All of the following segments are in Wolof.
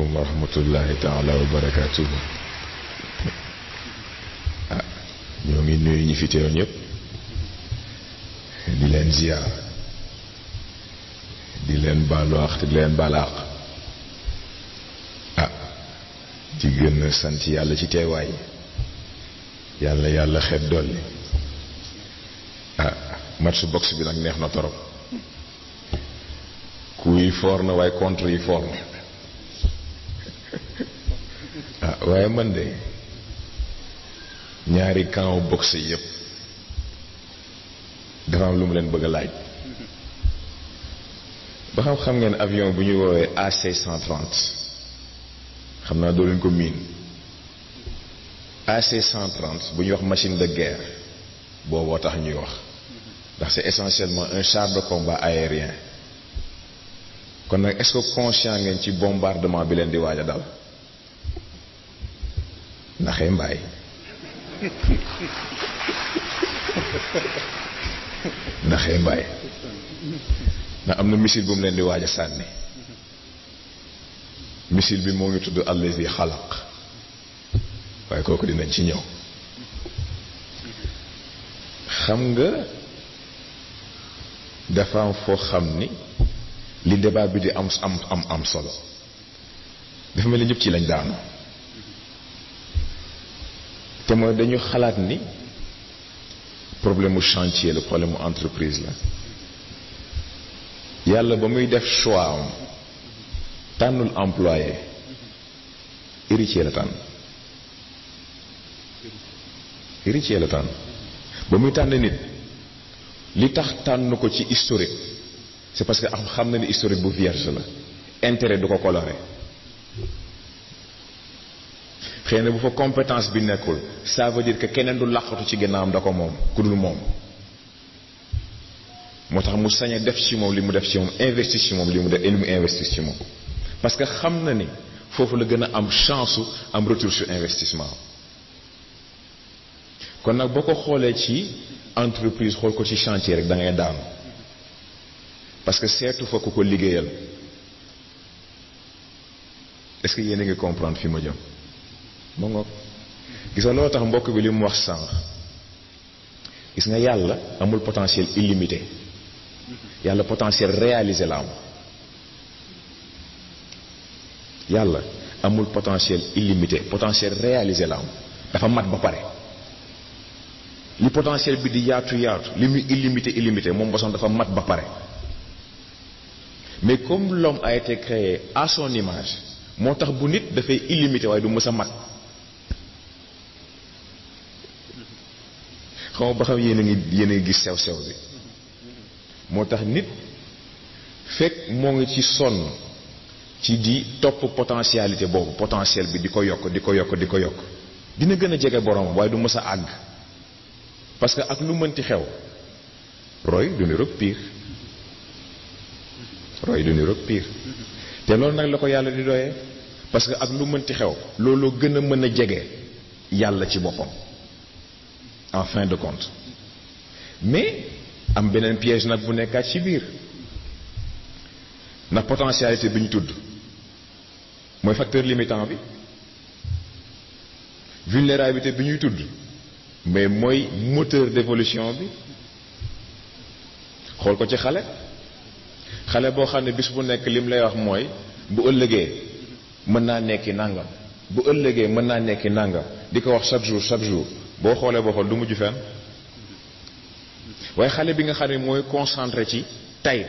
aleykum wa rahmatullahi taala wa barakaatuhu ah ñoo ngi nuyu fi teew ñëpp di leen ziyaar di leen baalu àq di leen balaax ah di gën a sant yàlla ci teewaay yàlla yàlla xeet dolli ah match box bi nag neex na torop ku yi foor waaye contre yi foor ah waaye man de ñaari camp boxe yépp dafa am lu mu leen bëgg a laaj ba xam xam ngeen avion bu ñuy woowee AC130 xam naa doo leen ko miin AC130 bu ñuy wax machine de guerre booboo tax ñuy wax ndax c'est essentiellement un char de combat aérien kon nag est-ce que conscient ngeen ci bombardement bi leen di waaj a dal naxee mbaay naxee mbaay na am na misil bu mu leen di waaj a sànni misil bi moo ngi tudd allazi xalaq waaye kooku dinañ ci ñëw xam nga dafa am foo xam ni li débat bi di am am am am solo dafa mel ni ñëpp ci lañ daanu te mooy dañu xalaat ni problème mu chantier la problème mu entreprise la yàlla ba muy def choix am tànnul employé héritier la tànn héritier ba muy tànn nit li tax tànn ko ci historique c'est parce que am xam na ni historique bu vierge la intérêt du ko coloré xëy na bu fa compétence bi nekkul ça veut dire que keneen du làqatu ci am da ko moom ku dul moom moo tax mu sañee def ci moom li mu def ci moom investir ci moom li def li mu investir ci parce que xam na ni foofu la gën a am chance am retour sur investissement kon nag boo ko xoolee ci entreprise xool ko ci chantier rek da ngay daanu parce que seetu fa ku ko liggéeyal est-ce que yéen a ngi comprendre fi ma jëm ma ngoog gis nga loolu tax mbokk bi li mu wax sànq gis nga yàlla amul potentiel illimité yàlla potentiel réalisé la am yàlla amul potentiel illimité potentiel réalisé la am dafa mat ba pare li potentiel bi di yaatu yaatu li muy illimité illimité moom bosom dafa mat ba pare mais comme l'homme a été créé à son image moo tax bu nit dafay illimité waaye du mës a mat xaw ba xam yéen a ngi yéen ngi gis sew-sew bi moo tax nit fekk moo ngi ci sonn ci di topp potentialité boobu potentiel bi di ko yokk di ko yokk di ko yokk dina gën a jege boroomam waaye du mës a àgg parce que ak lu mënti xew roy du niroog piir du niroog piir te loolu nag la ko yàlla di doyee parce que ak lu mënti xew looloo gën a mën a jege yàlla ci boppam en fin de compte mais am beneen piège nag bu nekkaat ci biir ndax potentialité bi ñu tudd mooy facteur limitant bi vulnérabilité bi ñuy tudd mais mooy moteur d'évolution bi xool ko ci xale xale boo xam ne bis bu nekk lim lay wax mooy bu ëllëgee mën naa nekki nàngam bu ëllëgee mën naa nekki nàngam di ko wax chaque jour chaque jour boo xoolee boo xool du mujj fen waaye xale bi nga xam ne mooy concentré ci tey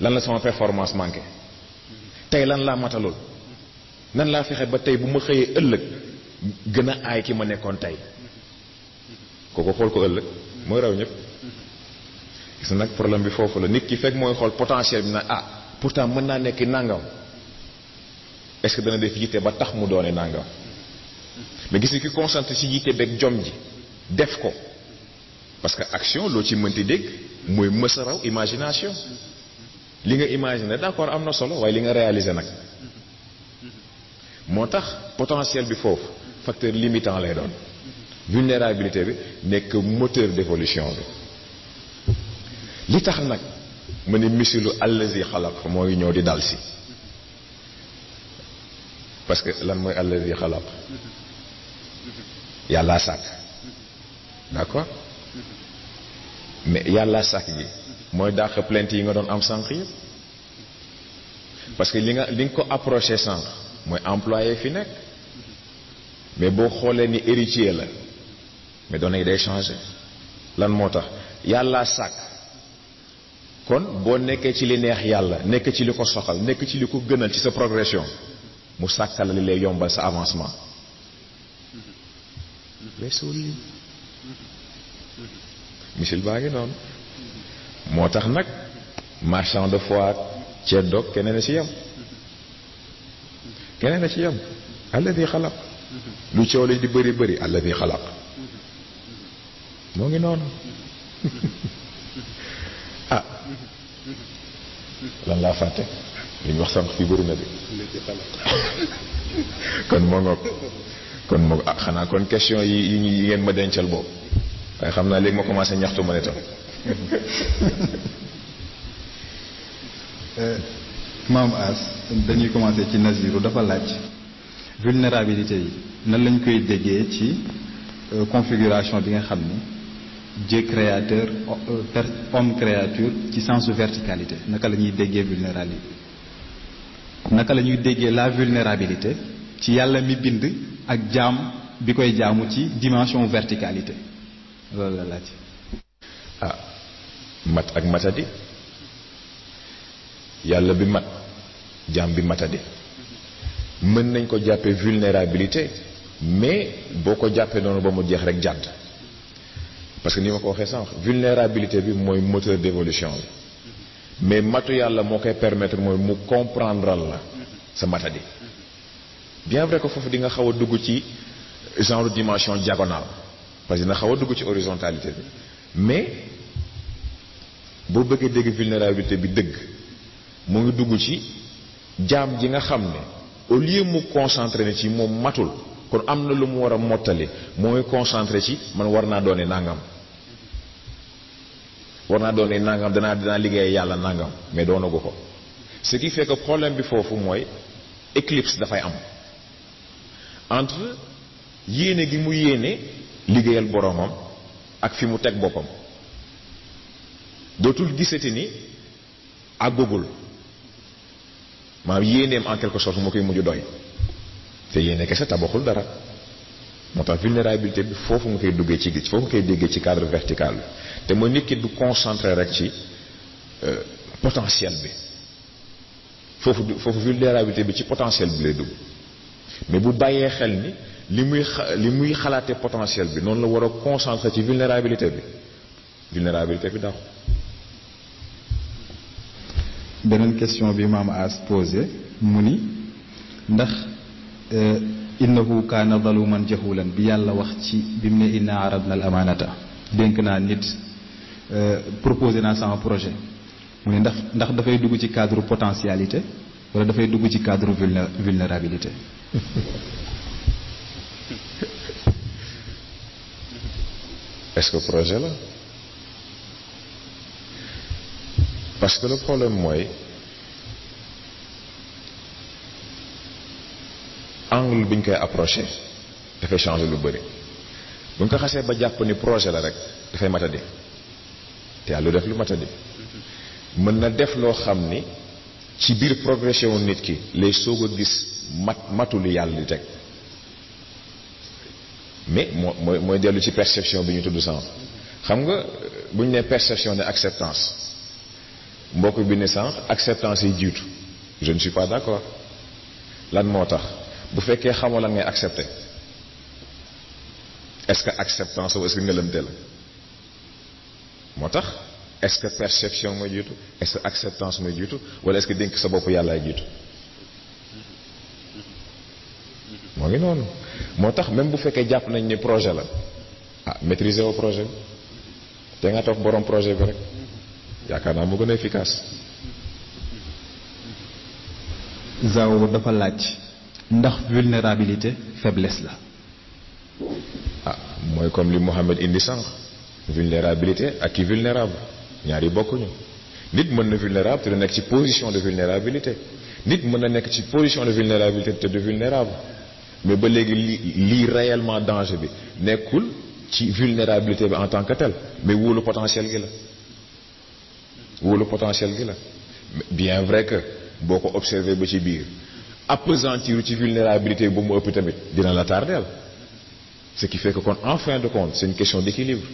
lan la sama performance manqué tey lan laa matalul nan laa fexe ba tey bu ma xëyee ëllëg gën a aay ki ma nekkoon tey kooku xool ko ëllëg mooy rew ñëpp gis nag problème bi foofu la nit ki fekk mooy xool potentiel bi na ah pourtant mën naa nekk nangam est-ce que dana def yitte ba tax mu doone nangam mais gis nga ki concentré ci yitte beeg jom ji def ko parce que action loo ci mënti dégg mooy mës raw imagination li nga imaginer d'accord am na solo waaye li nga réaliser nag moo tax potentiel bi foofu facteur limitant lay doon vulnérabilité bi nekk moteur d'évolution bi li tax nag ma ne misilu allazi xalaq mooy ñëw di dal si parce que lan mooy allazi xalaq yàlla sàkk d'accord mais yàlla sàkk gi mooy dàq plainte yi nga doon am sànq parce que li nga li nga ko approché sànq mooy employé fi nekk mais boo xoolee ni héritier la mais données yi day changé lan moo tax yàlla sàkk kon boo nekkee ci li neex yàlla nekk ci li ko soxal nekk ci li ko gënal ci sa progression mu sàkkal li lay yombal sa avancement weesuwul lii misil baa ngi noonu moo tax nag marchand de foire ceeb dog keneen a ci yam keneen a ci yem alladi xalaq lu coow li di bëri bëri alladi xalaq moo ngi noonu ah lan laa fàtte li wax sànq fi bëri bi kon moo ngoog kon moo ah xanaa kon question yi yi ngeen ma dencal boobu waaye xam naa léegi ma commencé ñaxtu ma ne tam euh, maam as dañuy commencé ci naziru dafa laaj vulnérabilité yi nan lañ koy déggee ci euh, configuration bi nga xam ni Dieu créateur euh, homme créature ci sensu verticalité naka la ñuy déggee vulnérabilité naka la déggee la vulnérabilité ci yàlla mi bind ak jaam bi koy jàmmu ci dimension verticalité loolu la laaj ah mat ak matadi yàlla bi mat jàmm bi matadi mën nañ ko jàppee vulnérabilité mais boo ko jàppee noonu ba mu jeex rek jàdd parce que ni ma ko waxee sànq vulnérabilité bi mooy moteur d'évolution bi mais matu yàlla moo koy permettre mooy mu comprendre la sa matadi bien vrai que foofu di nga xaw a dugg ci genre dimension diagonale parce que dina xaw a dugg ci horizontalité bi mais boo bëggee dégg vulnérabilité bi dëgg mu ngi dugg ci jaam ji nga xam ne au lieu mu concentré ne ci moom matul kon am na lu mu war a mottali moo ngi concentré ci man war naa doone nangam war naa doone nangam danaa dinaa liggéey yàlla nangam mais doonagu ko ce qui fait que problème bi foofu mooy éclipse dafay am entre yéene gi mu yéene liggéeyal boroomam ak fi mu teg boppam dootul gisati ni àggugul maanaam yéeneem en quelque sorte moo koy mujj doy te yéene kese tabaxul dara moo tax vulnérabilité bi foofu nga koy duggee ci foofu nga koy déggee ci cadre vertical te mooy nit du concentré rek ci euh, potentiel bi foofu foofu vulnérabilité bi ci potentiel bi lay dugg mais bu bàyyee xel ni li muy li muy xalaate potentiel bi noonu la war a concentrer ci vulnérabilité bi vulnérabilité bi daaw beneen question bi maam as posé mu ni ndax euh, innahu kaana zaluman jahulan bi yàlla wax ci bi mu ne inna arabna al amaanata dénk naa nit euh, proposé naa sama projet mu ne ndax ndax dafay dugg ci cadre potentialité wala dafay dugg ci cadre vulnérabilité est-ce que projet la parce que le problème mooy angle bi ñu koy approché dafay changer lu bëri bu ñu ko xasee ba jàpp ni projet la rek dafay matadi te yàlla lu def lu matadi mm-hmm. mën na def loo xam ni ci biir progression wu nit ki lay soog a gis mat matu yàlla di teg mais moo mooy mooy dellu ci perception bi ñu tudd sànq xam nga bu ñu nee perception ne acceptance mbokk bi ne sànq acceptance yi jiitu je ne suis pas d'accord lan moo tax bu fekkee xamoo lan ngay accepté est-ce que acceptance ou est-ce que ngëlëmte la moo tax est-ce que perception mooy jiitu est-ce que acceptance mooy jiitu wala est-ce que dénk sa bopp yàllaay jiitu moo ngi noonu moo tax même bu fekkee jàpp nañ ni projet la ah maîtriser au projet bi nga toog borom projet bi naa mu gën a dafa laaj ndax vulnérabilité faiblesse la. Ah, mooy comme li Mohamed indi sànq vulnérabilité ak ki vulnérable. ñaar yi bokkuñu nit mën na vulnérable te du nekk ci position de vulnérabilité nit mën na nekk ci position de vulnérabilité te du vulnérable mais ba léegi li lii réellement danger bi nekkul ci vulnérabilité bi en tant que tel mais wóolu potentiel gi la wóolu potentiel gi la bien vrai que boo ko observé ba ci biir appesantir ci vulnérabilité bu mu ëpp tamit dina la tardeel ce qui fait que kon en fin de compte c'est une question d'équilibre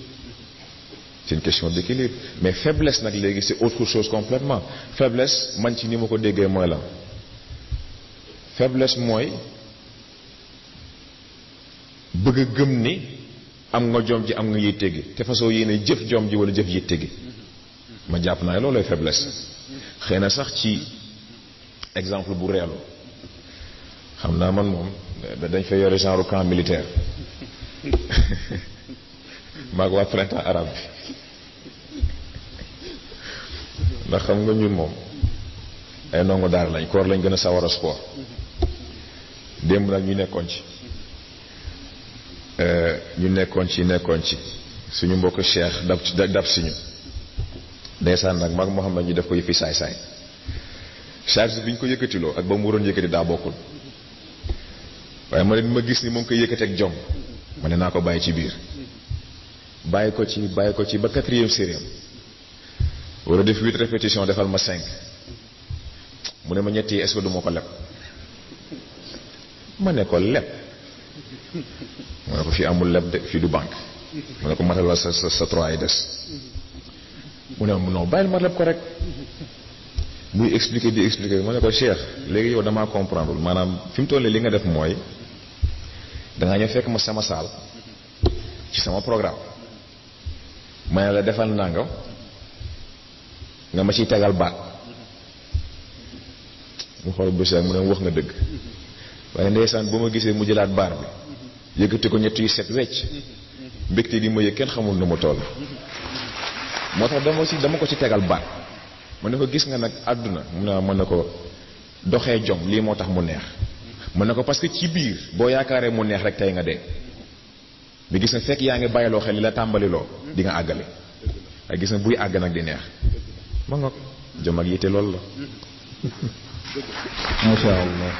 c'est une question d'équilibre mais faiblesse nag léegi si autre chose complètement faiblesse man ci ni ma ko déggee mooy la faiblesse mooy bëgg gëm ni am nga jom ji am nga yitte gi te façon yéene jëf jom ji wala jëf yitte gi ma jàpp naa ne loolooy faiblesse xëy na sax ci exemple bu reelu xam naa man moom dañ fa yore genre camp militaire maa ngi waa printemps arabe bi ndax xam nga ñun moom ay ndongo daal lañ koor lañ gën a sawara a sport démb nag ñu nekkoon ci euh, ñu nekkoon ci nekkoon ci suñu mbokk cheikh dab dab siñu ndeysaan nag mag Mouhamed ñu def ko yëfi saay-saay charge bi ñu ko yëkkatiloo ak ba mu waroon yëkkati daa bokkul waaye ma ne ma gis ni mu ngi koy yëkkati ak jom ma ne naa ko bàyyi ci biir bàyyi ko ci bàyyi ko ci ba quatrième série wala def huit répétition defal ma cinq mu ne ma ñetti est du ma ko leb ma ne ko leb mu ne ko fii amul leb de fii du banque mu ne ko matalal sa sa sa trois yi des mu ne non bàyyil ma leb ko rek muy expliquer di expliquer ma ne ko Cheikh léegi yow damaa comprendre maanaam fi mu toll li nga def mooy dangaa ñëw fekk ma sama saal ci sama programme ma ne la defal nangam. nga ma ci tegal baat mu xool bu mu ne wax nga dëgg waaye ndeysaan bu ma gisee mu jëlaat baar bi yëkkati ko ñett yu set wecc mbégte di ma xamul nu mu toll moo tax dama ci dama ko ci tegal baat mu ne ko gis nga nag àdduna mu ne ko doxee jom lii moo tax mu neex mën ne ko parce que ci biir boo yaakaaree mu neex rek tey nga de mais gis nga fekk yaa ngi bàyyiloo xel li la tàmbaliloo di nga àggale waaye gis nga buy àgg nag di neex ma ngoog jom ak yitte loolu la macha allah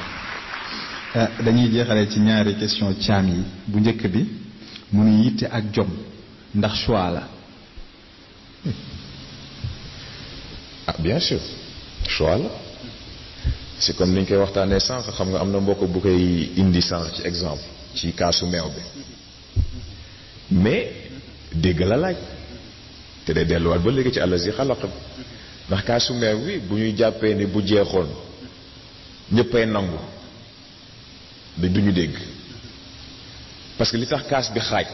ah, dañuy jeexale ci ñaari question caam yi bu njëkk bi mu nu yitte ak jom ndax choix la ah bien sûr choix la c'est comme ni koy waxtaanee sànq xam nga am na mbokk bu koy indi sànq ci exemple ci kaasu meew bi mais dégg la laaj te day delluwaat ba léegi ci àll si xalaq bi ndax kaasu meew bi bu ñuy jàppee ni bu jeexoon ñëppay nangu dañ duñu dégg parce que li tax kaas bi xaaj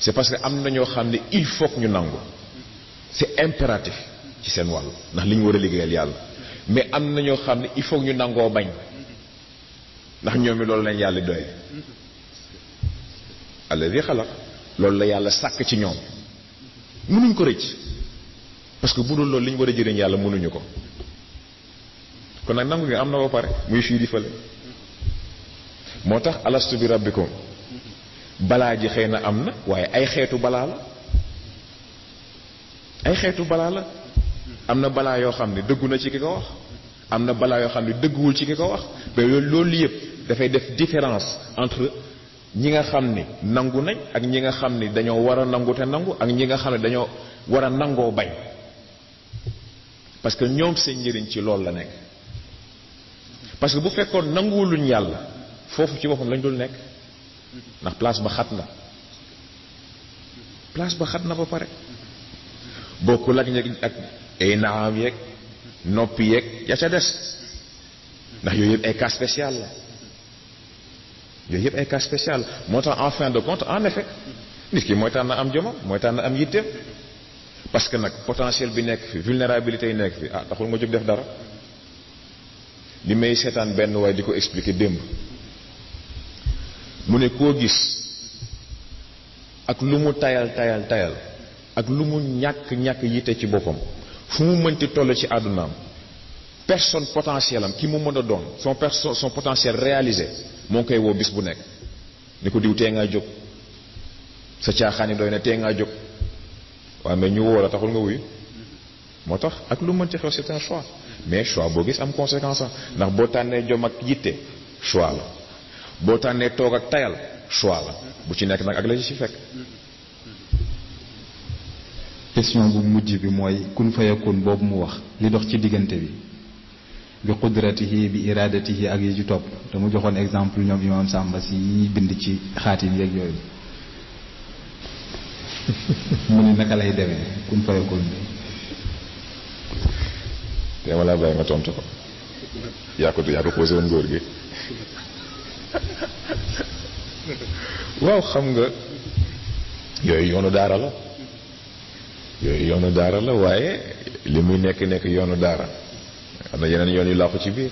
c'est parce que am na ñoo xam ne il faut ñu nangu c'est impératif ci seen wàll ndax li war a liggéeyal yàlla mais am na ñoo xam ne il faut ñu nangoo bañ ndax ñoom it loolu lañ yàlla doy alladi xalaq loolu la yàlla sàkk ci ñoom mënuñ ko rëcc parce que bu dul loolu li ñu war a jëriñ yàlla mënuñu ko kon nag nangu gi am na ba pare muy fii moo tax alastu bi rabbikum balaa ji xëy na am na waaye ay xeetu balaa la ay xeetu balaa la am na balaa yoo xam ne dëggu na ci ki ko wax am na balaa yoo xam ne dëgguwul ci ki ko wax mais loolu yëpp dafay def différence entre ñi nga xam ni nangu nañ ak ñi nga xam ni dañoo war a nangu nangu ak ñi nga xam ne dañoo war a nangoo bay parce que ñoom seen njëriñ ci loolu la nekk parce que bu fekkoon nanguwuluñ yàlla foofu ci boppam lañ dul nekk ndax place ba xat na place ba xat na ba pare bokkul ak ñeg ak ay naam yeeg noppi yeeg ya ca des ndax yooyu yëpp ay cas spécial la yooyu yëpp ay cas spécial moo tax en fin de compte en effet nit ki mooy na am jomam mooy tànn am yitteem parce que nag potentiel bi nekk fi vulnérabilité yi nekk fi ah taxul nga jóg def dara li may seetaan benn waaye di ko expliquer démb mu ne koo gis ak lu mu tayal tayal tayal ak lu mu ñàkk-ñàkk yitte ci boppam fu mu mënti toll ci àddunaam personne potentiel am ki mu mën a doon son personne son potentiel réalisé moo koy woo bis bu nekk ni ko diw tee ngaa jóg sa caaxaan yi doy na tee ngaa jóg waaye mais ñu wóor a taxul nga wuyu moo tax ak lu mën ci xew c'est un mais choix boo gis am conséquence ndax boo tànnee jom ak yitte choix la boo tànnee toog ak tayal choix la bu ci nekk nag ak la ci si fekk question bu mujj bi mooy kun fayakun boobu mu wax li dox ci diggante bi bi qudratihi bi iradatihi ak yi ci topp dama joxoon exemple ñoom imam sàmba si yi ñuy bind ci xaatim yeeg yooyu mu ne naka lay demee kun te ma laa bàyyi nga tontu ko yaa ko yaa ko posé góor gi waaw xam nga yooyu yoonu daara la yooyu yoonu daara la waaye li muy nekk nekk yoonu daara am na yeneen yoon yu làqu ci biir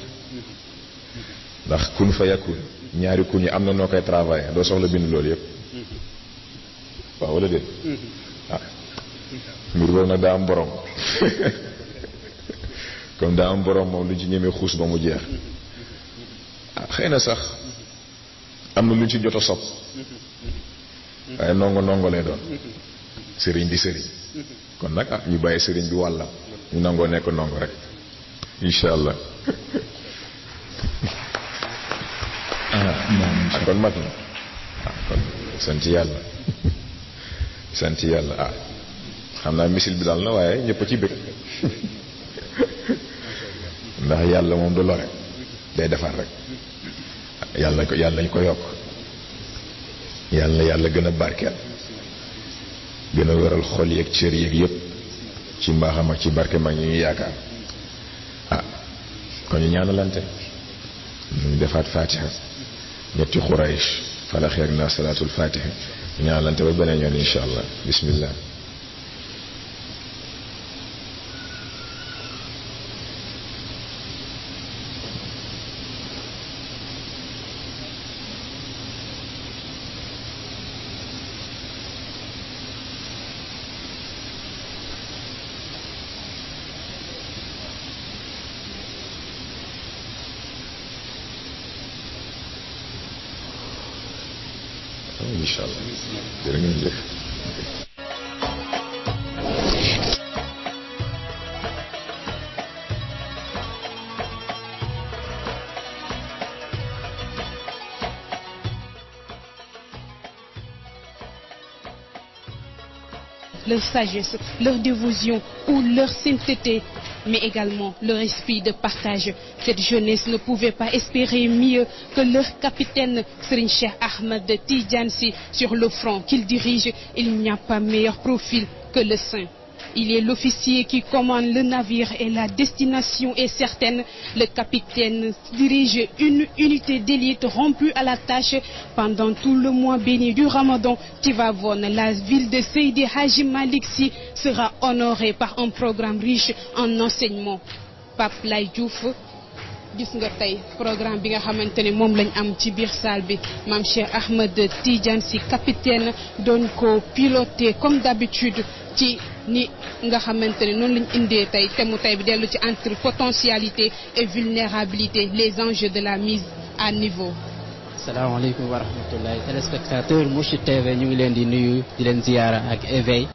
ndax kun fa yakun ñaari kun yi am na noo koy travaillé doo soxla bind loolu yëpp waaw wala déet ah mbir boobu nag daa am borom comme daa am borom moom lu ñu ci ñemee xuus ba mu jeex ah, xëy na sax am na lu ñu ci jot a sob waaye nongo nongo lay doon sëriñ di sëriñ kon nag ah ñu bàyyi sëriñ bi wàllam ñu nangoo nekk nongo rek incha allah ah, kon mat na ah kon sant yàlla sant yàlla ah xam naa misil bi daal na waaye ñëpp ci bëgg ndax yàlla moom du lore day defar rek yàlla ko yàlla ñu ko yokk yàlla yàlla gën a barkeel gën a wéral xool yéeg cër yeeg yëpp ci mbaaxam ak ci barke mag ñu ñu yaakaar ah kon ñu ñaanalante ñu defaat fatiha ñetti xuraysh falaxeeg naa salaatul fatiha ñaanalante ba beneen yoon allah bismillah jërë ngeen jëf leur sagesse, leur dévotion ou leur sainteté mais également le esprit de partage. Cette jeunesse ne pouvait pas espérer mieux que leur capitaine Serigne Cheikh Ahmed Tidiane Sy sur le front qu'il dirige. Il n'y a pas meilleur profil que le sien. Il est l'officier qui commande le navire et la destination et certaine. Le capitaine dirige une unité d'élite rompue à la tâche pendant tout le mois béni du Ramadan qui va la ville de Seydi Haji Malick sera honorée par un programme riche en enseignement. Pape Lay Diouf gis nga tey programme bi nga xamante ne moom lañ am ci biir salle bi maam Cheikh Ahmed Tidiane Sy capitaine doon ko comme d'habitude ni nga xamante ne noonu lañ indee tey thème tey bi dellu ci entre potentialité et vulnérabilité les enjeux de la mise à niveau. salaamaaleykum wa rahmatulah téléspectateur Mourchid TV ñu ngi leen di nuyu di leen ziyaara ak éveil